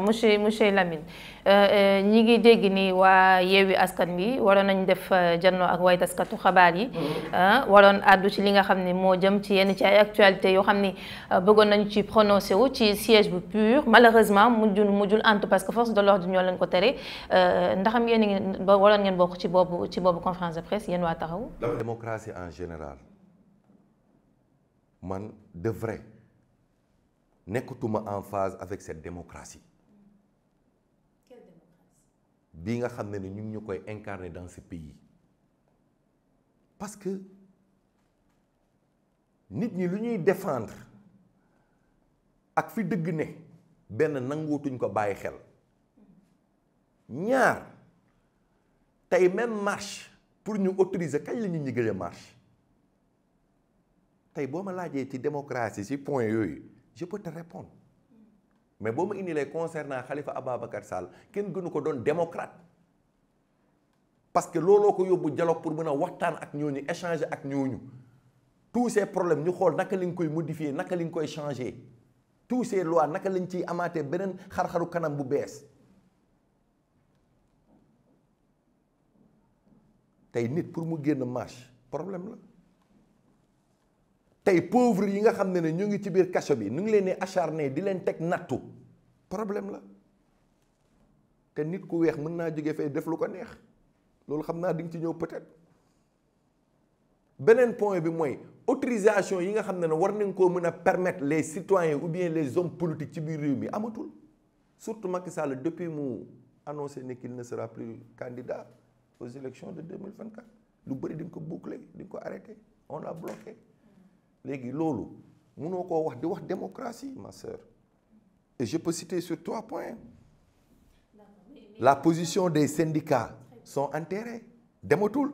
monsieur monsieur Lamine euh, euh, ñi ngi dégg ni waa Yewwi Askan Wi waroon nañ def euh, janno ak way taskatu xabaar yi mm-hmm. ah, waroon àddu ci li nga xam ne jëm ci yenn ci ay actualité yoo xam ni bëggoon nañ ci prononcé wu ci siège bu pur malheureusement mujjul mujjul antu parce que force de l'ordre ñoo leen ko tere ndaxam yéen ngi waroon ngeen bokk ci boobu ci boobu conférence de presse yéen waa taxaw démocratie en général man de vrai nekkatuma en phase avec cette démocratie bi nga xamné ni ñu incarner dans ce pays parce que nit ñi lu défendre ak fi deug né nous devons ko baye xel ñaar même marche pour nous autoriser kay la ñi marche tay démocratie point je peux te répondre mais boo ma indilee concernant Khalifa Ababacar Sall kenn gënu ko doon démocrate parce que looloo ko yóbbu dialogue pour mën a waxtaan ak ñooñu échanger ak ñooñu tous ces problèmes ñu xool naka lañ koy modifier naka li lañ koy changer tous ces lois naka lañ ciy amaate beneen xar-xaru kanam bu bees tey nit pour mu génn marche problème la tey pauvre yi nga xam ne ne ñu ngi ci biir kaso bi ñu ngi leen di acharné di leen teg nattu problème la té nit ku wéx mëna naa jóge def lu ko neex loolu xamna naa ci ñew peut-être benen point bi moy autorisation yi nga xam ne ne war nañ koo mën permettre les citoyens ou bien les hommes politiques ci biir réew mi amatul surtout Macky Sall depuis mu annoncé ne qu'il ne sera plus candidat aux élections de 2024 lu bari di ko boucler di ko arrêté on l'a bloqué légui loolu mëno ko wax di wax démocratie ma sœur et je peux citer sur trois points. La position des syndicats sont intérêt. Demotul,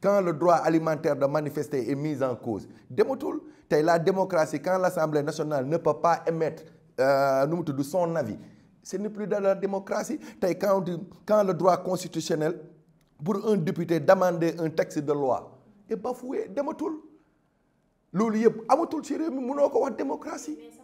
quand le droit alimentaire de manifester est mis en cause. Demotul, tay la démocratie quand l'Assemblée nationale ne peut pas émettre euh, son avis. Ce n'est plus de la démocratie. quand, le droit constitutionnel pour un député d'amender un texte de loi est bafoué, demotul. Lolu yeb amatul ci démocratie.